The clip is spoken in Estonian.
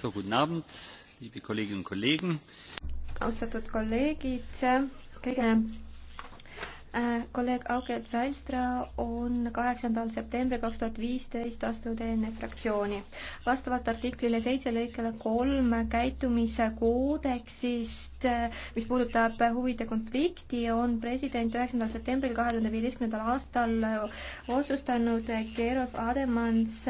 So, guten Abend, liebe Kolleginnen und Kollegen. austatud kolleegid, kõige äh, kolleeg Auke Zailstra on kaheksandal septembril kaks tuhat viisteist astunud enne fraktsiooni. vastavalt artiklile seitse lõikele kolm käitumise koodeksist, mis puudutab huvide konflikti, on president üheksandal septembril kahe tuhande viieteistkümnendal aastal otsustanud Gerolf Ademans